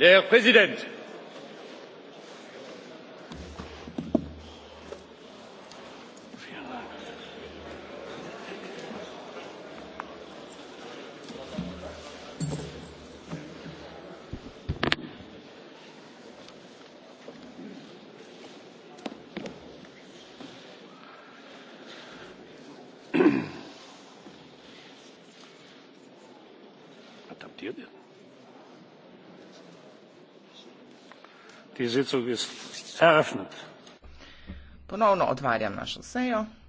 der präsident meine damen und herren! ponovno odvarjam našo sejo in prosim da preverite glasovanje.